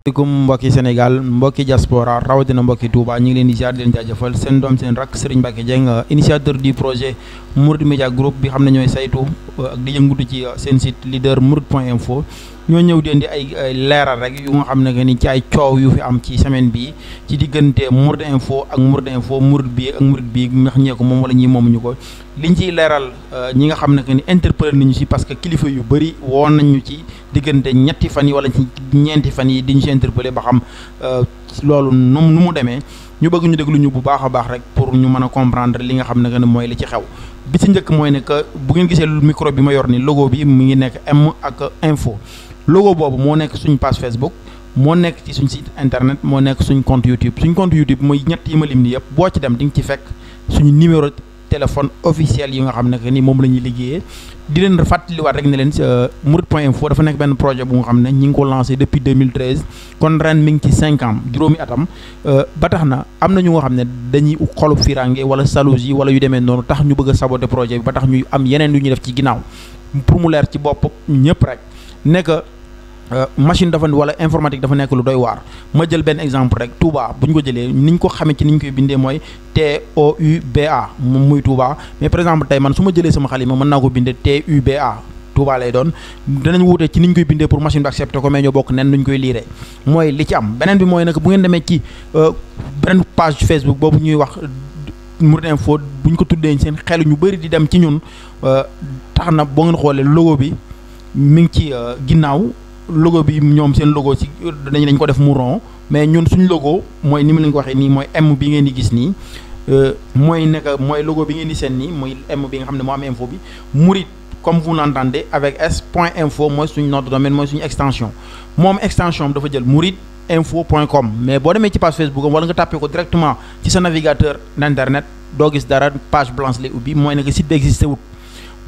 dikum mbokki senegal mbokki diaspora rawati na mbokki touba ñi ngi leen di ziar eh, di leen jajeufal seen doom seen rak serigne mbacke jeng initiateur du projet mourid media group bi xam na ñooy saytu ak di yëngutu ci seen site leader mourid.info ñoo ñëw di ay leeral rek yu nga xam ne nga ni ci ay coow yu fi am ci semaine bii ci diggante Mouride info ak Mouride info Mouride bii ak Mouride bii ndax ñeeku moom wala ñii moomuñu ko liñ ciy leeral euh, ñi nga xam ne que ni interpellé nañu si parce que kilifa yu bëri woon nañu ci diggante ñetti fan yi wala ci ñeenti fan yi di ñu si interpellé ba xam. Euh, loolu nu nu mu demee ñu bëgg ñu déglu ñu bu baax a baax rek pour ñu mën a comprendre li nga xam ne que ne mooy li ci xew bi ci njëkk mooy ne que bu ngeen gisee micro bi ma yor ni logo bi mu ngi nekk M ak info logo boobu moo nekk suñ page Facebook moo nekk ci suñ site internet moo nekk suñ compte YouTube suñ compte YouTube mooy ñett yi ma lim ni yëpp boo ci dem di nga ci fekk suñu numéro téléphone officiel yi nga xam ne que ni moom la ñuy liggéeyee di leen fàttaliwaat rek ne leen euh, Mourides point info dafa nekk benn projet bu nga xam ne ñi ngi ko lancé depuis 2013 kon ren mi ngi ci cinq ans juróomi atam euh, ba tax na am na ñu nga xam ne dañuy xolu firange wala jalousie wala yu demee noonu tax ñu bëgg a saboter projet bi ba tax ñuy am yeneen yu ñuy def ci ginnaaw pour mu leer ci bopp ñëpp rek nekk Euh, machine dafa wala informatique dafa nek lu doy war ma jël ben exemple rek Touba buñ ko jëlee niñ ko xamé ci niñ koy ni moy T O U B A muy Touba mais par exemple tay man su ma jëlee sama xalima mën T U B A Touba lay doon danañ wuute ci niñ koy bindee pour machine bi accepté ko mais ñoo bokk nen nu koy liré moy li ci am benen bi moy nak bu ngeen démé ci euh, benen page Facebook bobu ñuy wax Mourides Info buñ ko tuddé seen xélu ñu bari di dem ci ñun euh, taxna bo ngeen xolé logo bi mi ngi ci ginnaw logo bi ñom seen logo ci dañ lañ ko def mu rond mais ñun suñu logo moy ni mu leen ko waxee nii mooy M bi ngeen di gis ni euh moy naka moy logo bi ngeen di seen ni moy M bi nga xamne mo am info bi mourid comme vous l'entendez avec s.info moy info mooy suñu notre domaine moy suñu extension mom extension dafa jël murit info mais bo démé ci page Facebook wala nga tapé ko directement ci sa navigateur d'internet do gis dara page blanche lay ubbi mooy nekk site bi existé wut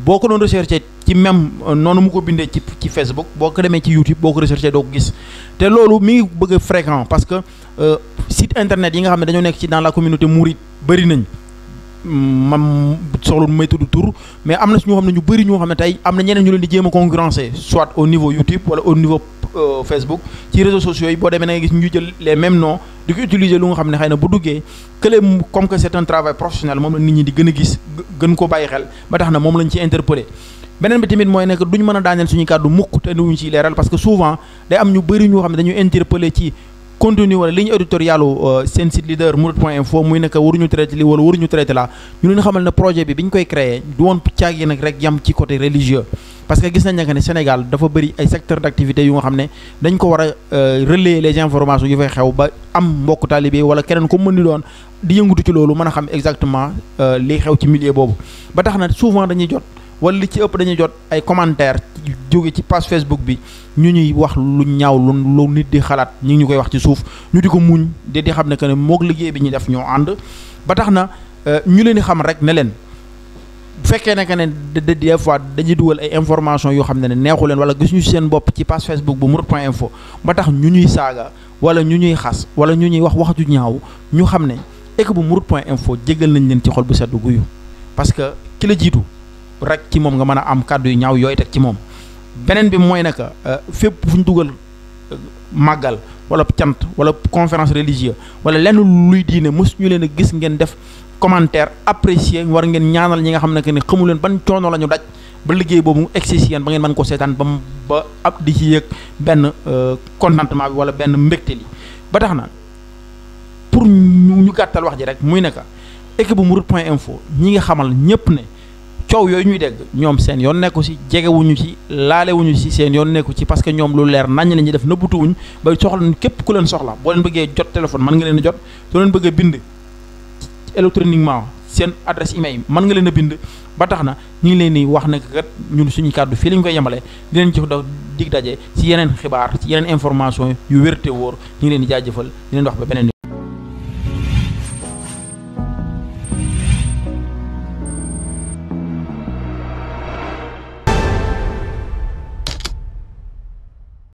boo ko doon recherché ci même euh, noonu mu ko bindee ci ci Facebook boo ko demee ci YouTube boo ko recherché doo ko gis te loolu mi ngi bëgg a parce que euh, site internet yi nga xam ne dañoo nekk ci dans la communauté mouride bëri nañ man soxla may tudd tur mais am na si ñoo xam ne ñu bari ñoo xam ne tey am na ñeneen ñu leen di jéem a concurrencer soit au niveau YouTube wala au niveau Euh, Facebook ci réseaux sociaux yi boo demee na gis ñu jël les mêmes noms di ko utiliser lu nga xam ne xëy na bu duggee kële comme que c'est travail professionnel moom la nit ñi di gën a gis gën ko bàyyi xel ba tax na moom lañ ci interpellé beneen bi tamit mooy nekk duñ mën a daaneel suñu kàddu mukk te duñ ci leeral parce que souvent day am ñu bëri ñoo xam ne dañu interpellé ci contenu wala ligne éditoriale euh, seen site leader mourides point info muy nekk waruñu traité li wala waruñu traité la ñu leen xamal ne projet bi bi ñu koy créé du woon caagee nag rek yam ci côté religieux parce que gis nañ ne ne Sénégal dafa bari ay secteur d' activité yu nga xam ne dañ ko war a euh, relayer les informations yu fay xew ba am mbokk taalibe wala keneen ko mën ni doon di yëngatu ci loolu mën a xam exactement euh, li xew ci milieu boobu ba tax na souvent dañuy jot wala li ci ëpp dañuy jot ay commentaire jóge ci page Facebook bi ñu ñuy wax lu ñaaw lu lu nit di xalaat ñu ngi ñu koy wax ci suuf ñu di ko muñ de di xam ne que ne moog liggéey bi ñuy def ñoo ànd ba tax na euh, ñu leen di xam rek ne leen bu fekkee ne que ne des fois dañuy dugal ay information yoo xam ne ne neexu leen wala gis ñu seen bopp ci page Facebook bu Mourides point info ba tax ñu ñuy saaga wala ñu ñuy xas wala ñu ñuy wax wax ju ñaaw ñu xam ne équipe bu Mourides point info jégal nañ leen ci xol bu sedd guyu parce que ki la jiitu rek ci moom nga mën a am kàddu yu ñaaw yooyu teg ci moom beneen bi mooy ne que euh, fépp fu ñu dugal euh, màggal wala cant wala conférence religieuse wala lenn luy diine mos ñu leen a gis ngeen def commentaire apprécier war ngeen ñaanal ñi nga xam ne que ni xamu leen ban coono la ñu daj ba liggéey boobu mu egsi si yéen ba ngeen mën ko seetaan ba ba ab di ci yëg benn euh, contentement bi wala benn mbégte li ba tax na pour ñu gàttal wax ji rek muy ne que équipe bu Mourides point info ñi nga xamal ñëpp ne. coow yooyu ñuy dégg ñoom seen yoon nekku ci jegewuñu ci laalewuñu ci seen yoon nekku ci parce que ñoom lu leer naññ la ñuy def nëbbutuwuñ ba soxla képp ku leen soxla boo leen bëggee jot téléphone mën nga leen a jot soo leen bëggee bind électroniquement seen adresse email mën nga leen bind ba tax na ñu ngi leen di wax ne kat ñun suñu kàddu fii la ñu koy yemale di leen jox da dig daje ci yeneen xibaar ci yeneen information yu wérte wóor ñu leen di jaajëfal